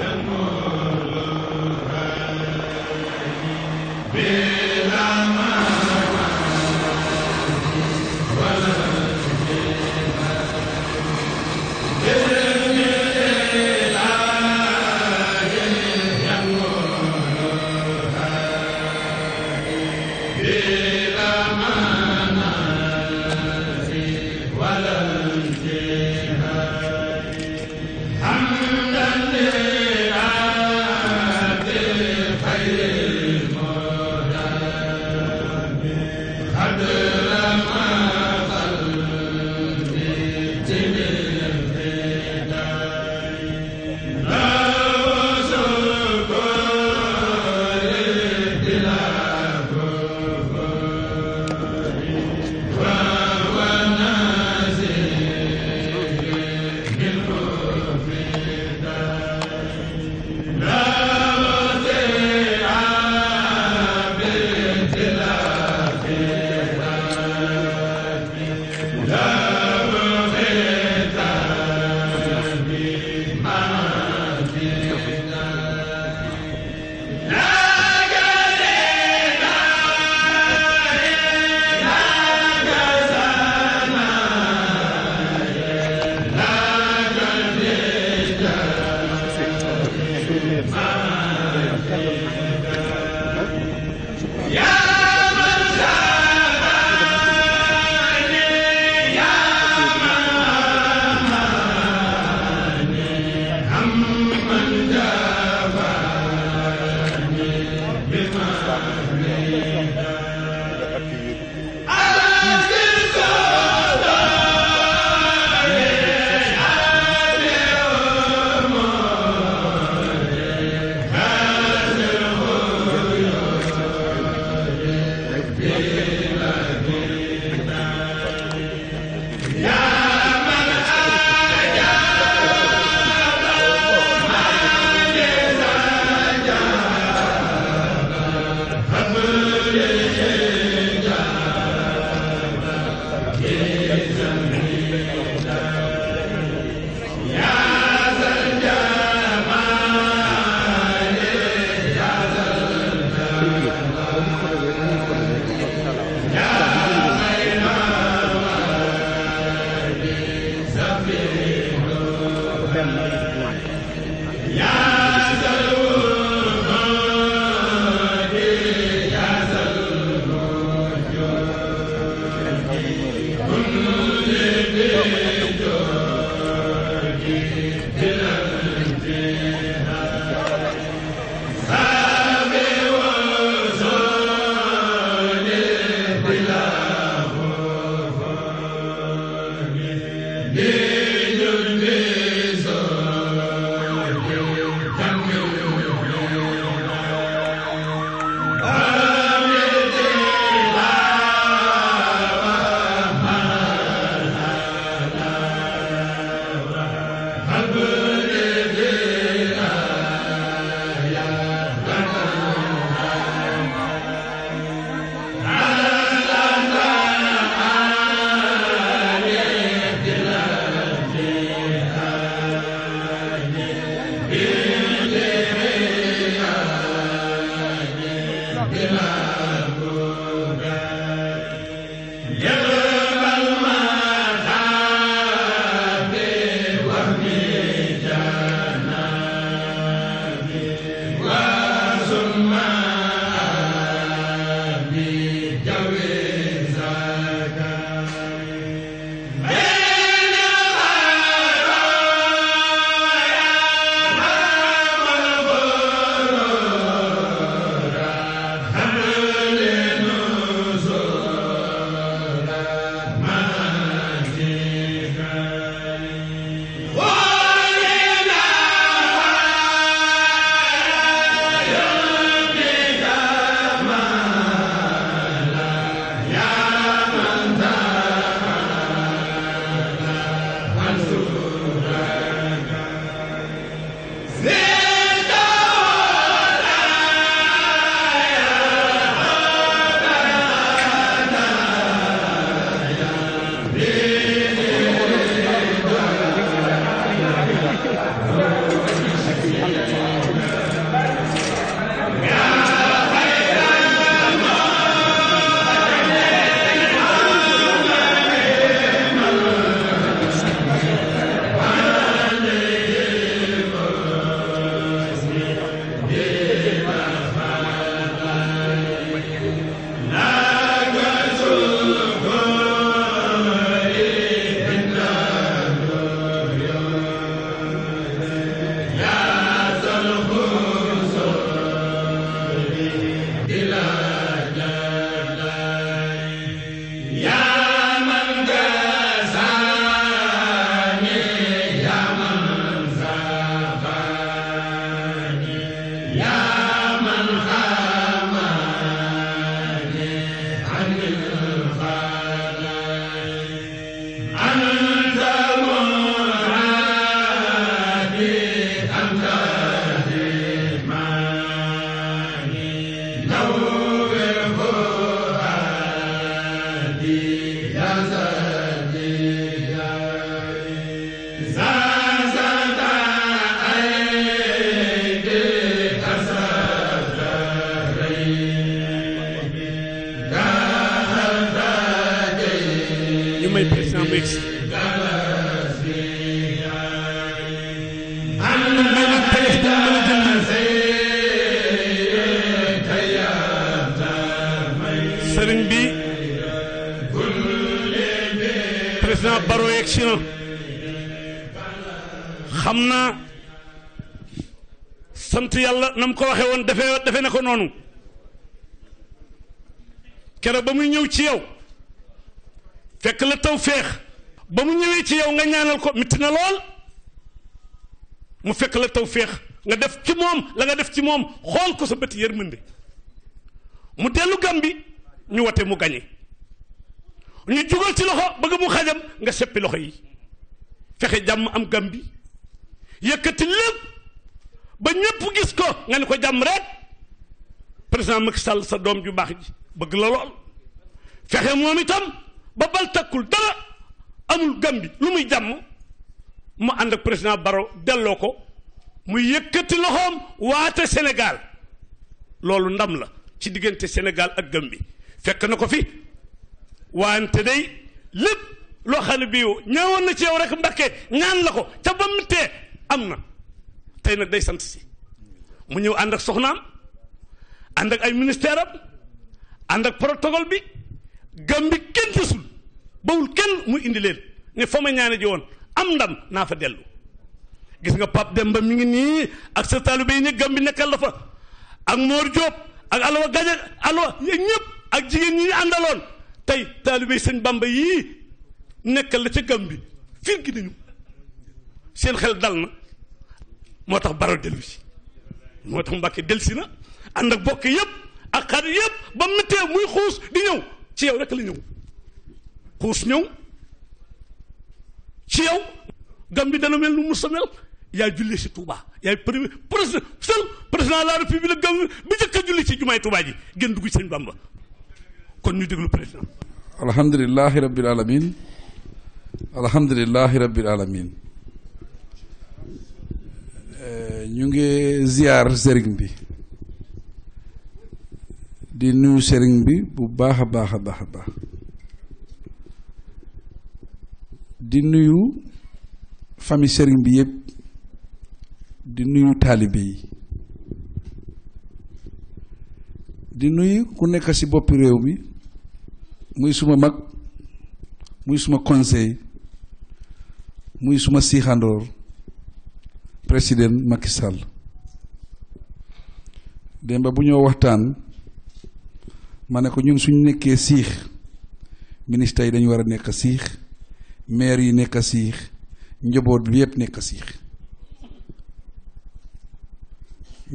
yaa xam naa sant yàlla na mu ko waxee woon defe defe ne ko noonu keroog ba muy ñëw ci yow fekk la taw féex ba mu ñëwee ci yow nga ñaanal ko mitti na lool mu fekk la taw féex nga def ci moom la nga def ci moom xool ko sa bëti yërmande mu dellu Gàmbi ñu wate mu gañe ñu jugal ci loxo bëgg mu xajam nga seppi loxo yi fexe jàmm am Gàmbi yëkkati lépp ba ñëpp gis ko nga ne ko jàmm rek président Macky Sall sa doom ju baax ji bëgg la lool fexe moom itam ba bal takkul dara amul gambi lu muy jàmm mu ànd ak président Baro delloo ko mu yëkkati loxoom waate Sénégal loolu ndam la ci diggante Sénégal ak Gambie fekk na ko fi wante day lépp loo xam ne bii ñëwoon na ci yow rek Mbakke ñaan la ko ca ba mu am na tey nag day sant si mu ñëw ànd ak soxnaam ànd ak ay ministère am ànd ak protocole bi gam bi kenn desul bawul kenn mu indi leen ne fa ma ñaane ji woon am ndam naa fa dellu gis nga Pape Demba mu ngi nii ak sa taalibe yi ne gam bi nekkal la fa ak Mor Diop ak Alwa Gaja Alwa ñëpp ak jigéen ñi ñu àndaloon tey taalibe sëñ Bamba yii nekkal la ca gam bi firgi nañu seen xel dal na moo tax baral dellu moo tax Mbàkke dellusi na ànd ak bokk yëpp ak xar yëpp ba méttee muy xuus di ñëw ci yow rek la ñëw xuus ñëw ci yow gam bi dana mel nu musa mel yaay julli si Touba yaay premier président seul président de la gam bi njëkk a julli ci jumaay Touba ji gën dugg seen Bamba kon ñu déglu président alhamdulilahi rabbil alamin alhamdulilahi rabbil alamin ñu ngi ziar sëriñ bi di nuyu sëriñ bi bu baax a baax a baax baax di nuyu fami sëriñ bi yëpp di nuyu taalibe yi di nuyu ku nekk ci boppi réew mi muy suma mag muy suma conseil muy suma siixandoor président Macky Sall démb bu ñoo waxtaan ma ne ko ñun suñu nekkee siix ministres yi dañu war a nekk siix maire yi nekk siix njaboot bi yëpp nekk siix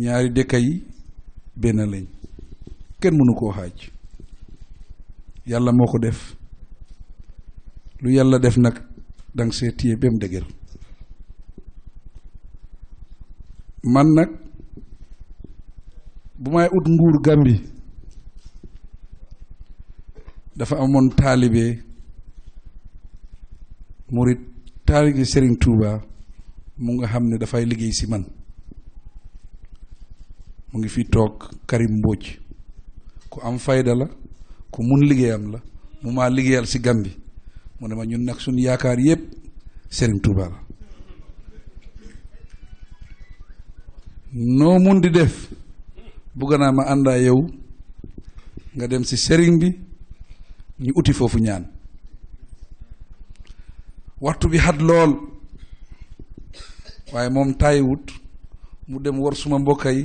ñaari dëkk yi benn lañ kenn mënu koo xaaj yàlla moo ko def lu yàlla def nag danga see ba mu dëgër man nag bu may ut nguur Gàmbi dafa amoon taalibe murit taalibe Serigne Touba mu nga xam ni dafay liggéey si man mu ngi fi toog Karim Mbodj ku am fayda la ku mun liggéeyam la mu maa liggéeyal si Gàmbi mu ne ma ñun nag suñu yaakaar yépp Serigne Touba la noo mun di def bugg naa ma àndaa yow nga dem ci sëriñ bi ñu uti foofu ñaan waxtu bi xat lool waaye moom taayiwut mu dem war suma mbokk yi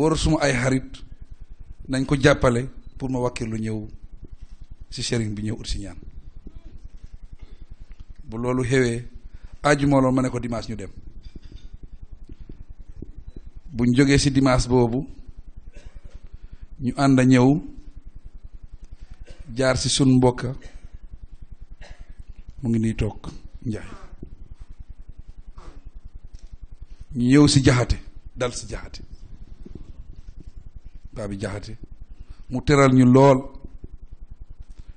war suma ay xarit nañ ko jàppale pour ma lu ñëw ci sëriñ bi ñëw ut ci ñaan bu loolu xewee aaju moo ma ne ko dimanche ñu dem buñ jógee si dimaas boobu ñu ànd a ñëw jaar si sun mbokk mu ngi nii toog njaay ñu ñëw ci jaxate dal si jaxate baabi jaxate mu tëral ñu lool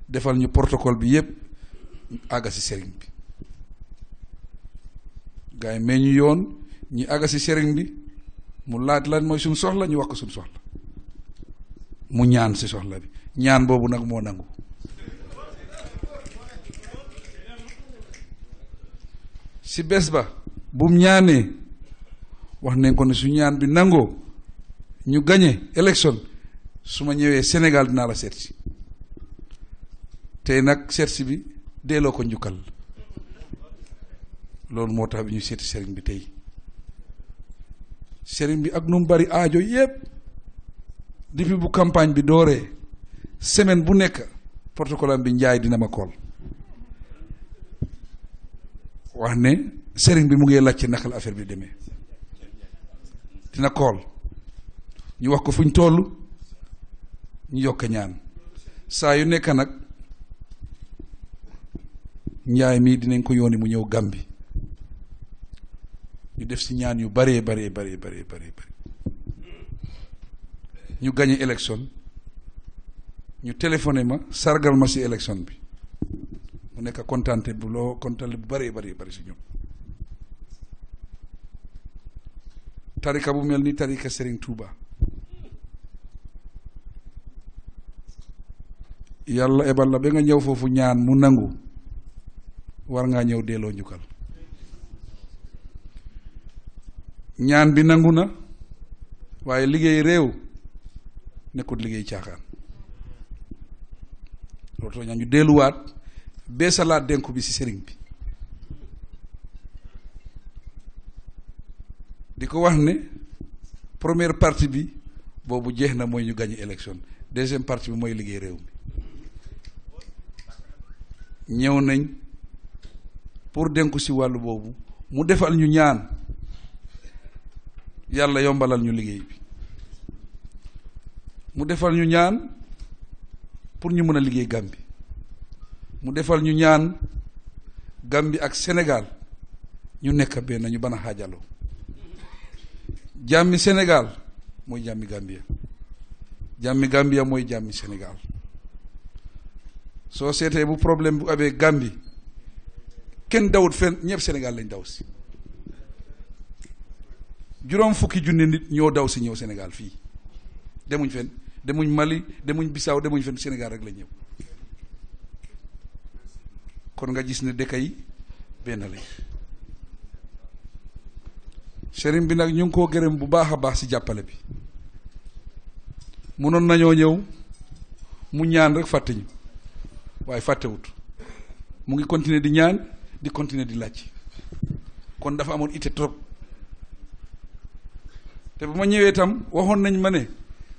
defal ñu protocole bi yépp àgga ci sëriñ bi gaa ñu yoon ñu àgga ci sëriñ bi mu laaj lan mooy suñ soxla ñu wax ko suñ soxla mu ñaan si soxla bi ñaan boobu nag moo nangu si bés ba bum ñaanee wax nañ ko ne su ñaan bi nangoo ñu gañe élection su ma ñëwee Sénégal dinaa la seet si tey nag seet si bi delloo ko njukkal loolu moo tax bi ñu seeti sëriñ bi tey sëriñ bi ak nu mu bari aajo yépp depuis bu campagne bi dooree semaine bu nekk protocole am bi njaay dina ma kool wax ne sëriñ bi mu ngi laajte naka la affaire bi demee dina kool ñu wax ko fu ñu toll ñu yokk ñaan saa yu nekk nag njaay mii dinañ ko yónni mu ñëw Gàmbi ñu def si ñaan yu bëree bëree bëree bëree bëri ñu gañu élection ñu téléphoné ma sargal ma si élection bi mu nekk kontaante bu loo kontaante bu bëree bëri bëri si ñoom tarika bu mel ni tarika Serigne Touba yàlla ebal la ba nga ñëw foofu ñaan mu nangu war ngaa ñëw delloo njukkal ñaan bi nangu na waaye liggéey réew nekkut liggéey caaxaan loolu tax ñaan ñu delluwaat beesalaat dénku bi ci sëriñ bi di ko wax ne première partie bi boobu jeex na mooy ñu gagné élection deuxième partie bi mooy liggéey réew mi ñëw nañ pour dénku ci wàllu boobu mu defal ñu ñaan yàlla yombalal ñu liggéey bi mu defal ñu ñaan pour ñu mën a liggéey Gàmbi mu defal ñu ñaan Gàmbi ak Sénégal ñu nekk benn ñu ban a xaajaloo jàmmi Sénégal mooy jàmmi Gambia jàmmi Gambia mooy jàmmi Sénégal soo seetee bu problème bu amee Gàmbi kenn dawut fenn ñëpp Sénégal lañ daw si juróom fukki junni nit ñoo daw si ñëw senegal fii demuñ fenn demuñ Mali demuñ Bissau demuñ fenn Sénégal rek la ñëw kon nga gis ne dëkk yi benn lañ sëriñ bi nag ñu ngi koo gërëm bu baax a baax si jàppale bi munoon nañoo ñëw mu ñaan rek fàtte ñu waaye fàttewut mu ngi continuer di ñaan di continuer di laaj kon dafa amoon ite trop te bu ma ñëwee itam waxoon nañ ma ne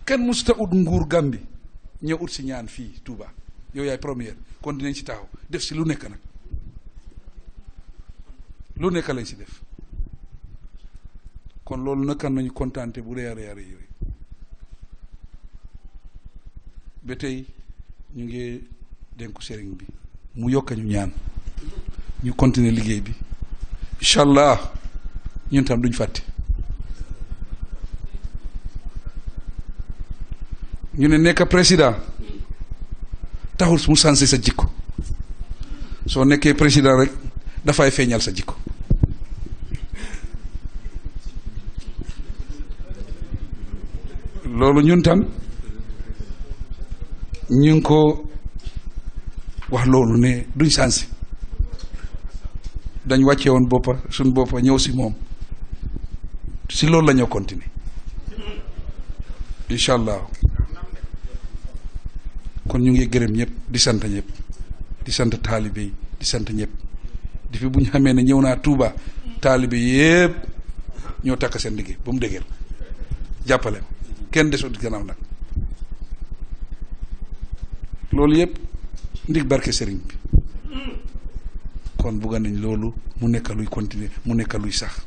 kenn mosuta ut nguur Gàmbi ñëw ut si ñaan fii tuubaa yow yaay première kon dinañ si taxaw def si lu nekk nag lu nekk lañ si def kon loolu nag kan nañu kontaante bu rëy a rëy ba tey ñu ngi dénku sëriñ bi mu yokk ñu ñaan ñu continuer liggéey bi incha allah ñun tam duñ fàtte. ñu ne nekk président taxul mu sansé sa jikko soo nekkee président rek dafay feeñal sa jikko loolu ñun tam ñu ngi ko wax loolu ne duñ sansé dañ wàcce woon boppa suñ boppa ñëw si moom si loolu la ñoo continuer incha allah kon ñu ngi gërëm ñëpp di sant ñëpp di sant taalibe yi di sant ñëpp di fi bu ñu xamee ne ñëw naa Touba taalibe yëpp ñoo takk seen liggéey ba mu dëgër jàppale kenn desut gannaaw nag loolu yëpp ndig barke sëriñ bi kon bugga nañ loolu mu nekk luy continuer mu nekk luy sax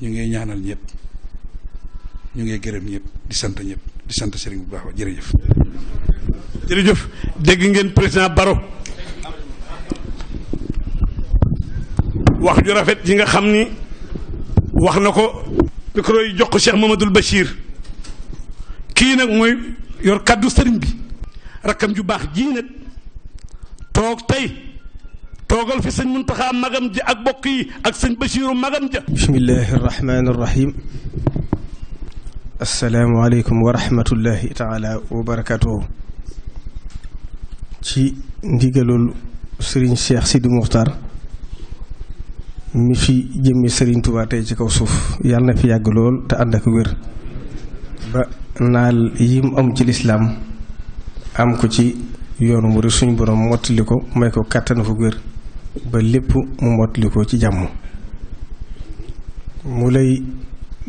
ñu ngi ñaanal ñëpp ñu ngi gërëm ñëpp di sant ñëpp di sant sëriñ bu baax a jërëjëf jërëjëf dégg ngeen président Baro wax ju rafet ji nga xam ni wax na ko micro yi jox ko Cheikh Mamadou Bachir kii nag mooy yor kàddu sëriñ bi rakkam ju baax jii nag toog tey toogal fi sëñ Muntaxa magam ji ak bokk yi ak sëñ Bachiru magam ja bismillahi asalaamualeykum wa rahmatullahi taala wa barakatuhu ci ndigalul sëriñ Cheikh Sidi Muxtar mi fi jëmmi sëriñ Tuubaa ci kaw suuf yàlla na fi yàgg lool te ànd ak wér ba naal yi am ci lislaam am ko ci yoonu murid suñu boroom mottali ko may ko kàttan fu wér ba lépp mu mottali ko ci jàmm mu lay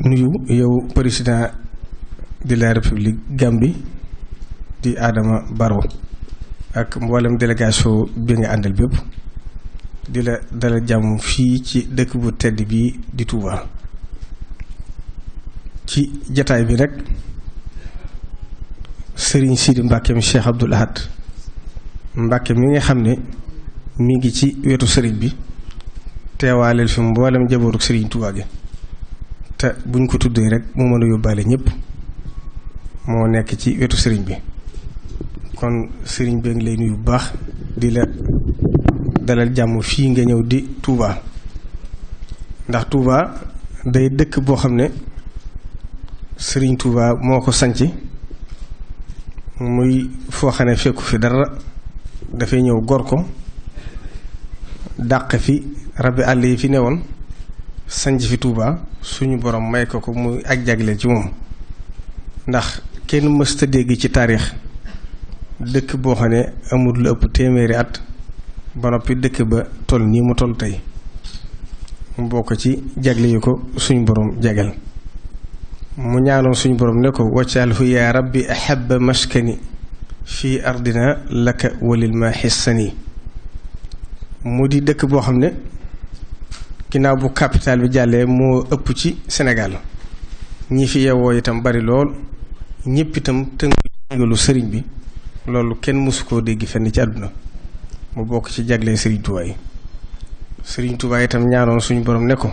nuyu yow président de la république Gambie di Adama Barrow ak mboolem délégation bi nga àndal bépp di la dala jàmm fii ci dëkk bu tedd bi di Touba ci jataay bi rek Serigne Sidi Mbackeem Cheikh Abdoul Ahad Mbacke mi nga xam ne mi ngi ci wetu Serigne bi teewaaleel fi mboolem jabootu Serigne Touba gi. te buñ ko tuddee rek mu mën a yóbbaale ñëpp moo nekk ci wetu sëriñ bi kon sëriñ bi ngi lay nuyu bu baax di la dalal jàmm fii nga ñëw di Touba ndax Touba day dëkk boo xam ne sëriñ Touba moo ko sanc muy foo xam ne fekku fi dara dafay ñëw gor ko dàq fi rabi àll yi fi newoon sanj fi Touba suñu borom may ko ko muy ak jagleel ci moom ndax kenn mësta dégg ci taarix dëkk boo xam ne amul lu ëpp téeméeri at ba noppi dëkk ba toll nii mu toll tey mu bokk ci jagle yu ko suñu borom jagal mu ñaanoon suñu borom ne ko waccaal fu yaa rabbi ahaba maskani fii ardina lakk walil ma xissani mu di dëkk boo xam ne ginnaaw bu capital bi jàllee moo ëpp ci Sénégal ñi fi yeewoo itam bari lool ñëpp itam tënku ndigalu sëriñ bi loolu kenn mësu koo dégg fenn ci àdduna mu bokk ci jagle sëriñ Touba sëriñ Touba itam ñaanoon suñu borom ne ko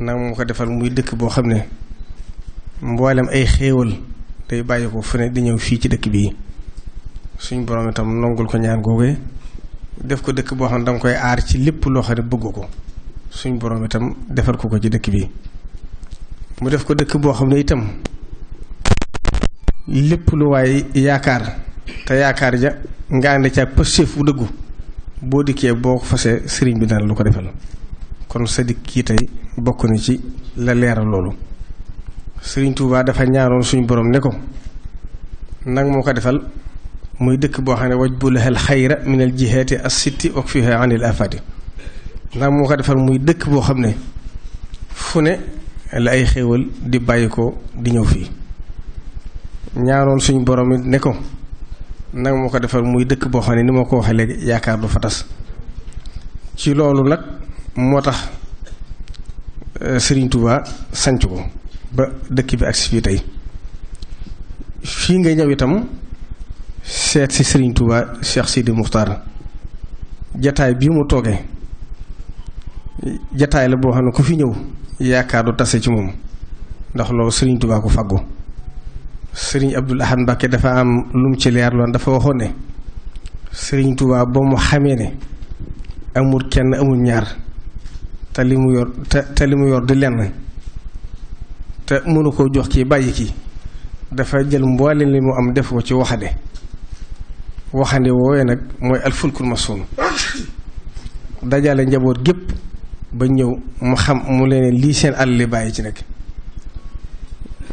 nag mu ko defal muy dëkk boo xam ne mboolem ay xéewal day bàyyi ko fu ne di ñëw fii ci dëkk bii suñu borom itam nongul ko ñaan googee def ko dëkk boo xam ne danga koy aar ci lépp loo xam ne bëgg ko suñ borom itam defar ko ko ci dëkk bi mu def ko dëkk boo xam ne itam lépp lu waaye yaakaar te yaakaar ja nga ànd ca pëstéef bu dëggu boo dikkee boo fasee sëriñ bi daal lu ko defal kon sa dikk kii tey bokk na ci la leeral loolu sëriñ Touba dafa ñaaroon suñ borom ne ko nag moo ko defal muy dëkk boo xam ne waj bu laxel xayra minal jihaati as sitti ak fiha anil afati ndax moo ko defal muy dëkk boo xam ne fu ne la ay xéewal di bàyyi ko di ñëw fii ñaanoon suñu borom it ne ko nag moo ko defal muy dëkk boo xam ne ni ma ko waxee léegi yaakaar du fatas ci loolu nag moo tax euh, Serigne Touba sanc ko ba dëkk bi ak si fii tey fii nga ñëw itam seet si Serigne Touba Cheikh Sidi Muxtaar jataay bii mu toogee jataay la boo xam ne ku fi ñëw yaakaar du tase ci moom ndax loolu sëriñ Tuubaa ko faggu sëriñ Abdul Ahad Mbàkke dafa am lu ci leer loon dafa waxoon ne sëriñ Tuubaa ba mu xamee ne amul kenn amul ñaar te li mu yor te te li mu yor di lenn te mënu koo jox kii bàyyi kii dafa jël mboolem li mu am def ko ci waxande waxande woowee nag mooy alfulkul masuun dajale njaboot gépp ba ñëw mu xam mu leen lii seen àll li bàyyi ci nekk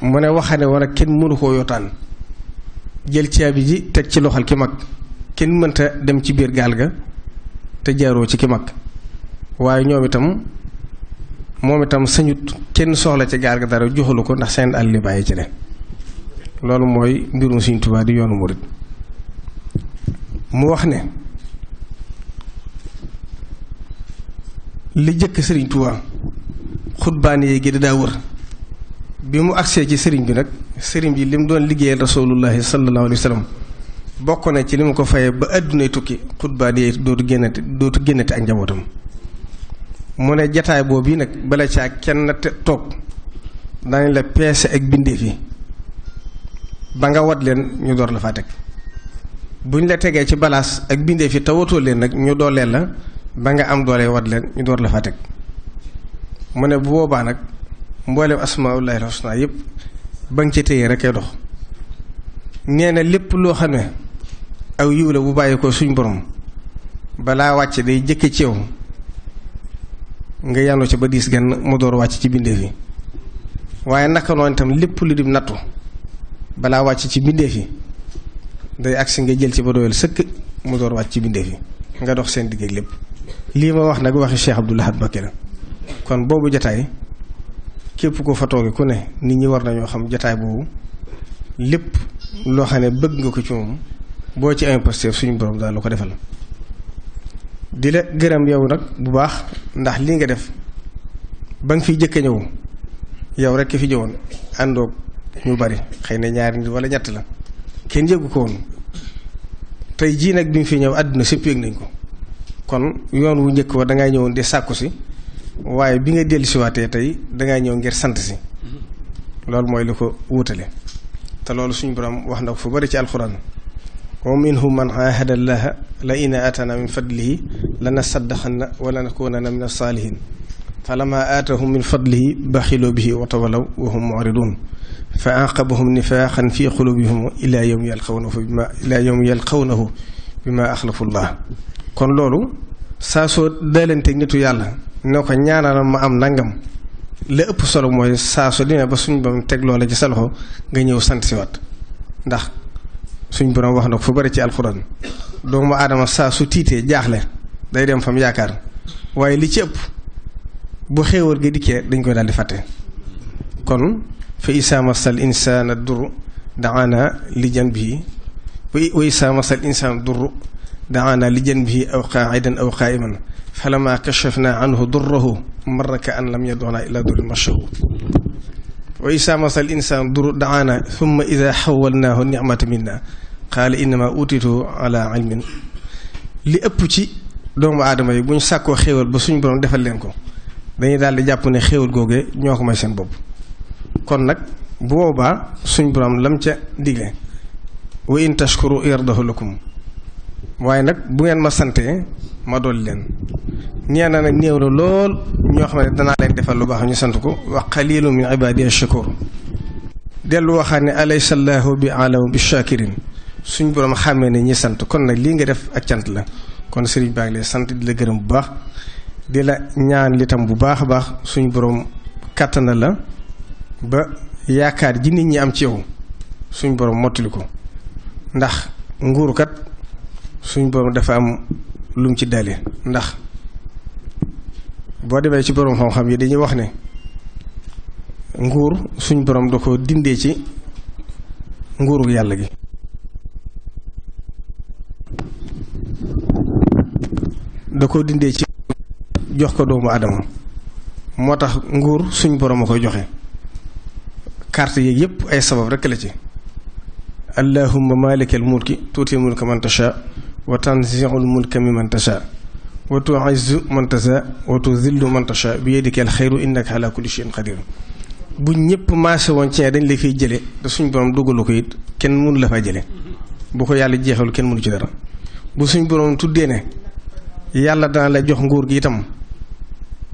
mu ne waxane war a kenn mënu koo yotaan jël caabi ji teg ci loxal ki mag kenn mënta dem ci biir gaal ga te jaaroo ci ki mag waaye ñoom itam moom itam sañut kenn soxla ci gaal ga dara joxalu ko ndax seen àll li bàyyi ci ne loolu mooy mbirum Sëriñ Tuubaa di yoonu murit mu wax ne li jëkk sëriñ Touba xutbaane yi gi daa wër bi mu agsee ci sëriñ bi nag sëriñ bi li mu doon liggéeyal rasulullahi sallallahu alayhi wa bokk na ci li mu ko fayee ba addunay tukki xutbaane yi dootu génnati dootu génnati ak njabootam mu ne jataay boobu yi nag bala caa kenn toog daañu la peese ak bindeef yi ba nga wat leen ñu door la faa teg bu ñu la tegee ci balaas ak bindeef yi tawatoo leen nag ñu leen la ba nga am doole wat leen ñu door la faa teg mu ne bu boobaa nag mboolem asmaullahi husna yëpp ba nga ci téye rek ay dox nee na lépp loo xam ne aw yiw bu bàyyi ko suñ borom balaa wàcc day jëkke ci yow nga yànnu ci ba diis genn mu door wàcc ci bindeef yi waaye naka noonu itam lépp lu di nattu balaa wàcc ci bindeef yi day agsi nga jël ci ba doyal sëkk mu door wàcc ci bindeef yi nga dox seen digg lépp lii ma wax nag waxi Cheikh Abdoul Ahad Mbacké la kon boobu jataay képp ko fa tooge ku ne nit ñi war nañoo xam jataay boobu lépp loo xam ne bëgg nga ko ci moom boo ci imposteur suñu borom daal la ko defal di la gërëm yow nag bu baax ndax lii nga def ba nga fiy jëkk ñëw yow rek ki fi jëwoon àndoog ñu bari xëy na ñaari nit wala ñett la kenn yëgu ko woon tey jii nag bi mu fi ñëw àdduna sépp yëg nañ ko kon yoon wu njëkk wa dangay ñëwoon di sàkku si waaye bi nga dellu siwaatee tey dangay ñëw ngir sant si loolu mooy li ko wutale te loolu suñu borom wax na ko fu bari ci alxuraan wa minhum man ahada la in atana min fadlihi lana saddaxanna wala nakunana min as-saalihin falamma aatahum min fadlihi baxiloo bihi wa tawalaw wa hum mu'ridun fa aqabahum nifaqan fi qulubihim ila yawmi yalqawnahu bima ila yawmi yalqawnahu bima axlafu llah kon loolu saa soo daalanteeg nitu yàlla ne ko ñaanal ma am nangam la ëpp solo mooy saa soo demee ba suñ bam teg loola ci sa loxo nga ñëw sant siwaat ndax suñ borom wax na ko fu bari ci alxuraan doomu aadama saa su tiitee jaaxle day dem fam yaakaar waaye li ci ëpp bu xéewal gi dikkee dañ koy daal di fàtte kon fa isaa masal insaana dur daana li jan bii wa isaa masal insaana dur daana li janbihi aw qaacidan aw qaa'iman falammaa kashafnaa anhu durrahu marra ka'an lam yad'unaa ilaa durrin mashuu wa izaa massa al-insaanu durrun da'aanaa summa izaa hawwalnaahu nicmatan minnaa qaala innamaa uutiituhu alaa ilmin li ëpp ci doomu aadama yi bu ñu sàkkoo xéewal ba suñu borom defal leen ko dañuy daal di jàpp ne xéewal googee ñoo ko may seen bopp kon nag bu boobaa suñu borom lam ca digle wa in tashkuru yardahu lakum waaye nag bu ngeen ma santee ma dool leen nee na nag néew la lool ñoo xam ne danaa leen defal lu baax ñu sant ko wax qalilu min ibadi ash-shakur dellu waxaat ne alaysa allahu bi alamu bi shakirin suñ boroom xàmmee na ñi sant kon nag lii nga def ak cant la kon sëriñ baa ngi lay sant di la gërëm bu baax di la ñaan litam bu baax a baax suñ boroom kàttan na la ba yaakaar ji nit ñi am ci yow suñ boroom mottili ko ndax nguurukat suñ borom dafa am lum ci dale ndax boo demee ci boroom xam-xam yi dañuy wax ne nguur suñ boroom da ko dindee ci nguuru yàlla gi da ko dindee ci jox ko doomu adama moo tax nguur suñ borom a koy joxe carte yi yëpp ay sabab rekk la ci allahumma malikal ki tuuti mulka man tasha wa tanziul mulka mimman tasha wa tu'izzu man tasha wa tuzillu man tasha bi yadika alxayru innaka ala kulli shay'in qadir bu ñëpp maase woon ci ne dañ la fiy jële te suñ borom dugalu ko it kenn mënu la faa jële bu ko yàlla jeexal kenn mënu ci dara bu suñ borom tuddee ne yàlla dana la jox nguur gi itam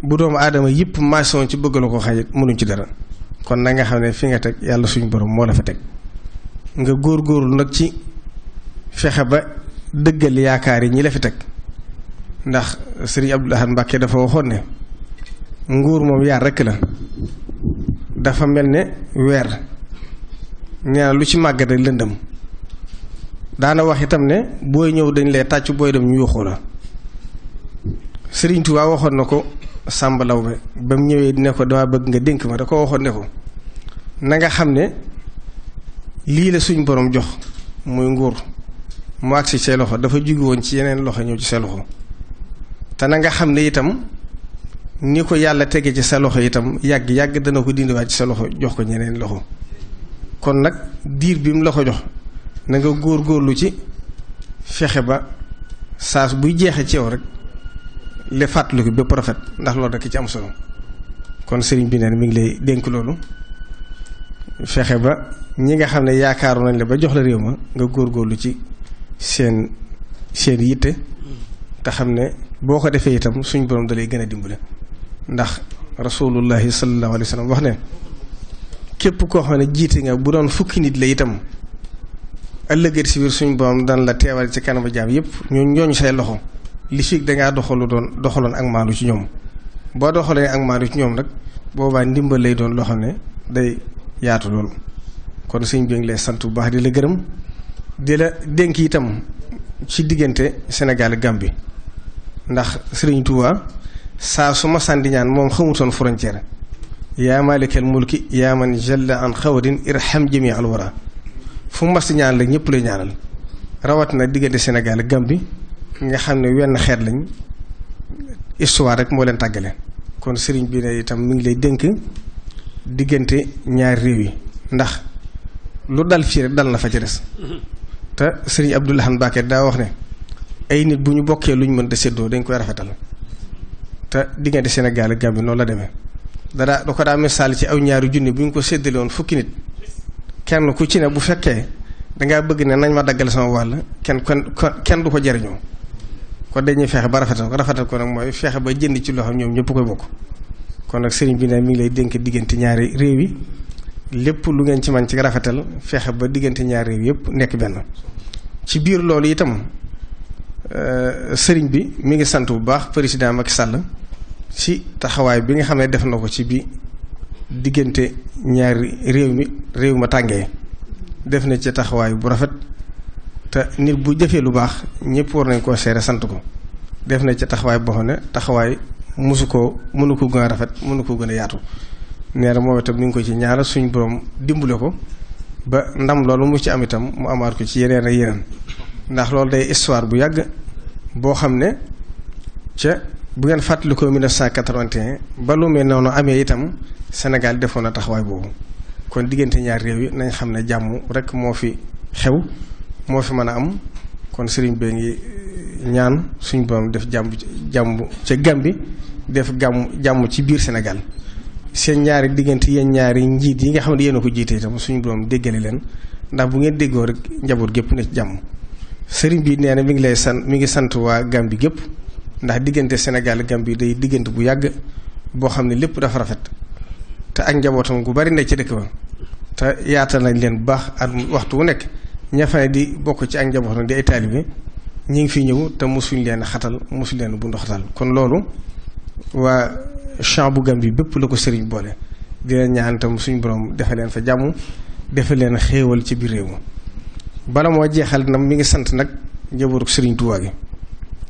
bu doomu aadama yëpp maase woon ci bëgg la ko xaj mënuñ ci dara kon na nga xam ne fi nga teg yàlla suñ borom moo la fa teg nga góor góorlu nag ci fexe ba dëggal yaakaar yi ñi la fi teg ndax sëriñ Abdul Ahad Mbàkke dafa waxoon ne nguur moom yaar rekk la dafa mel ne weer nee na lu ci màgg lëndam daana wax itam ne booy ñëw dañ lay tàccu booy dem ñu yuuxu la sëriñ Tuubaa waxoon na ko Sàmba Lawbe ba mu ñëwee dina ko dama bëgg nga dénk ma da ko waxoon ne ko nanga xam ne lii la suñ boroom jox muy nguur mu agsi say loxo dafa jóge woon ci yeneen loxo ñëw ci sa loxo te na nga xam ne itam ni ko yàlla tege ci sa loxo itam yàgg yàgg dana ko dindiwaat ci sa loxo jox ko ñeneen loxo kon nag diir bi mu la ko jox na nga góor góorlu ci fexe ba saas buy jeexe ci yow rek le fàttaliku bépp rafet ndax loolu rek ci am solo kon sëriñ bi neen mi ngi lay dénk loolu fexe ba ñi nga xam ne yaakaaru nañ la ba jox la réew ma nga góorgóorlu ci seen seen yitte te xam ne boo ko defee itam suñ borom dalay gën a dimbale ndax rasulullahi sallallahu alayhi wa sallam wax ne képp koo xam ne jiite nga bu doon fukki nit la itam ëllëgët si biir suñ borom daan la teewal ci kanamu jaam yëpp ñu ñooñ say loxo li fi dangaa doxalu doon doxaloon ak maandu ci ñoom boo doxalee ak maandu ci ñoom nag boobaa ndimbal lay doon loo xam ne day yaatu lool kon sëñ bi lay sant bu baax di la gërëm di la dénk tam ci diggante Sénégal ak Gambie ndax Serigne Touba saa su ma sàndi ñaan moom xamutoon frontière yaa maalikal mulki yaa man jalla an xawadin irham jami al wara fu mas ñaan la ñëpp lay ñaanal rawat na diggante Sénégal ak nga xam ne wenn xeet lañ histoire rek moo leen tàggale kon Serigne bi ne itam mu ngi lay dénk diggante ñaari réew yi ndax lu dal fii rek dal na fa ci des mm-hmm. te sëriñ Abdoul Ahad Mbacké daa wax ne ay nit bu ñu bokkee lu ñu mën de seddoo dañ koy rafetal te diggante Sénégal ak Gambie noonu la demee. dara da ko daa misaal ci aw ñaari junni bu ñu ko séddale woon fukki nit kenn ku ci ne bu fekkee dangaa bëgg ne nañ ma daggal sama wàll kenn kon kenn du ko jariñoo kon dañuy fexe ba rafetal ko rafetal ko nag mooy fexe ba jënd ci loxo ñoom ñëpp koy bokk kon nag sëriñ bi ne mi ngi lay dénk diggante ñaari réew yi. lépp lu ngeen ci man ci rafetal fexe ba diggante ñaari réew yëpp nekk benn ci biir loolu itam euh, sëriñ bi mi ngi sant bu baax président Macky sàll ci taxawaay bi nga xam ne def na ko ci bi diggante ñaari réew mi réew ma tàngee def na ci taxawaay bu rafet te nit bu jëfee lu baax ñëpp war nañ koo seere sant ko def na ci taxawaay boo xam ne taxawaay musu koo mënu ko gën a rafet mënu ko gën a yaatu nee na moom itam ñu ngi koy ci ñaar suñ borom dimbale ko ba ndam loolu mu ci am itam mu amaat ko ci yeneen ak yeneen ndax loolu day histoire bu yàgg boo xam ne ca bu ngeen fàttali ko 1981 ba lu mel noonu amee itam Sénégal defoon na taxawaay boobu kon diggante ñaar réew yi nañ xam ne jàmm rekk moo fi xew moo fi mën a am kon sëriñ bee ngi ñaan suñ borom def jàmm jàmm ca Gàmbi def gàmm jàmm ci biir Sénégal seen ñaari diggante yéen ñaari njiit yi nga xam ne yéen a ko jiite itam suñu borom déggale leen ndax bu ngeen déggoo rek njaboot gépp na ci jàmm sëriñ bi nee na mi ngi lay sant mi ngi sant waa Gambie gépp ndax diggante Sénégal Gambie day diggante bu yàgg boo xam ne lépp dafa rafet te ak njabootam gu bari nekk ci dëkk ba te yaatal nañ leen bu baax at waxtu wu nekk ña di bokk ci ak njabootam di ay bi ñu ngi fi ñëw te mosuñ leen xatal mosu leen bu ndoxatal kon loolu chambu Gambie bépp la ko sëriñ boole di leen ñaan suñu borom defal leen fa jàmm defal leen xéewal ci biir réew mi bala mooy jeexal nag mi ngi sant nag njabootu sëriñ Tuubaa gi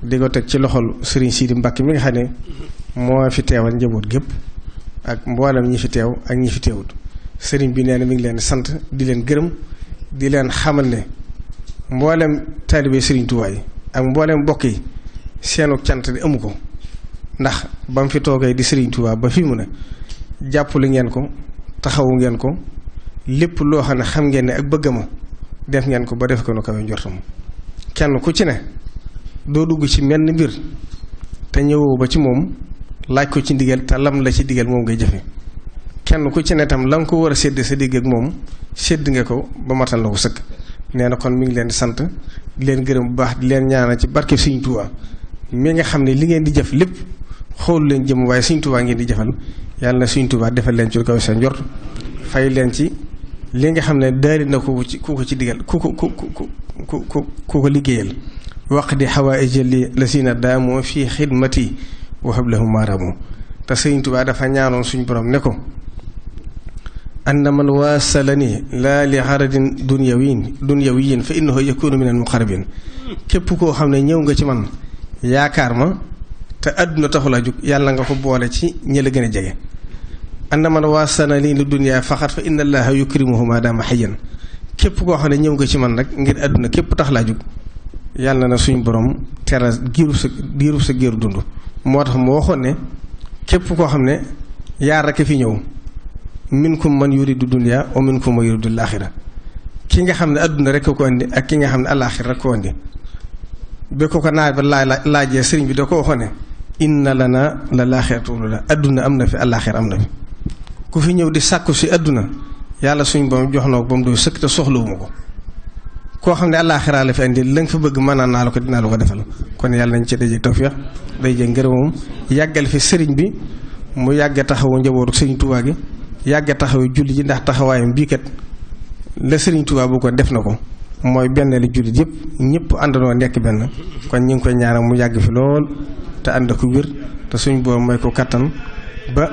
di ko teg ci loxol sëriñ Sidi Mbàkke mi nga xam ne moo fi teewal njaboot gépp ak mboolem ñi fi teew ak ñi fi teewut sëriñ bi nee na mi ngi leen sant di leen gërëm di leen xamal ne mboolem taalibe sëriñ Tuubaa ak mboolem mbokk yi seenu cant di amu ko ndax ba mu fi toogee di Serigne Touba ba fi mu ne jàppale ngeen ko taxawu ngeen ko lépp loo xam ne xam ngeen ne ak bëggama def ngeen ko ba def ko nu kawe njortam kenn ku ci ne doo dugg ci menn mbir te ñëwoo ba ci moom laaj ko ci ndigal te lam ci digal moom ngay jëfe kenn ku ci ne tam la nga ko war a sédd sa digg ak moom sedd nga ko ba matal la ko sëkk nee na kon mu ngi leen sant di leen gërëm bu baax di leen ñaanal ci barke Serigne Touba mi nga xam ne li ngeen di jëf lépp xool leen jëm waaye Sëriñ Tuubaa ngeen di jëfal yàlla na Sëriñ defal leen ci lu seen njort fay leen ci li nga xam ne daari na ku ko ci ku ko ci digal ku ko ku ku ku ku ko liggéeyal waq di xawaaija li la si daa moo fii xidmati wa hablahum maaraamu te Sëriñ Tuubaa dafa ñaanoon suñu borom ne ko anna man waasalani laa li xaradin dunyawiin dunyawiyin fa innahu yakunu min al muqarrabin képp koo xam ne ñëw nga ci man yaakaar ma te àdduna taxu laa yàlla nga ko boole ci ñi la gën a jege ànd man waa sana lii lu dunyaa faxat fa inna allaha yukrimuhu ma daama xayyan képp koo xam ne ñëw nga ci man nag ngir àdduna képp tax laa jóg yàlla na suñ borom tera giiru sa giiru sa géeru dund moo tax moo waxoon ne képp koo xam ne yaar rekk fi ñëw minkum man yuridu dunya wa minkum man yuridu laaxira ki nga xam ne àdduna rekk ko indi ak ki nga xam ne alaaxira rekk ko indi ba ko ko naaj laaj laajee bi da ko waxoon inna na la laaxeetuwul la adduna am na fi àllaaxeer am na fi ku fi ñëw di sàkku si àdduna yàlla suñ ba jox na ko ba mu doy sëkk te soxlawuma ko koo xam ne àllaaxiraa la fi andi la nga fi bëgg mën naa la ko dinaa la ko defal kon yàlla nañ ci daje tawfiix daje ngërëmam yàggal fi sëriñ bi mu yàgg taxawu njabootu sëriñ Tuubaa gi yàgg taxawu julli yi ndax taxawaayam bii kat la sëriñ Tuubaa bu ko def na ko mooy benn li jullit yëpp ñëpp àndandoo nekk benn kon mu yàgg fi te ànd ko wér te suñ borom may ko kattan ba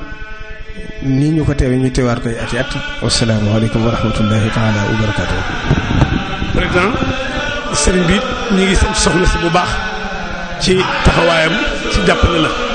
nii ñu ko teewee ñu teewaat koy ati at wasalaamaaleykum wa rahmatullahi taala wa barakaatu président sëriñ bi ñu ngi sant soxna si bu baax ci taxawaayam ci jàppale la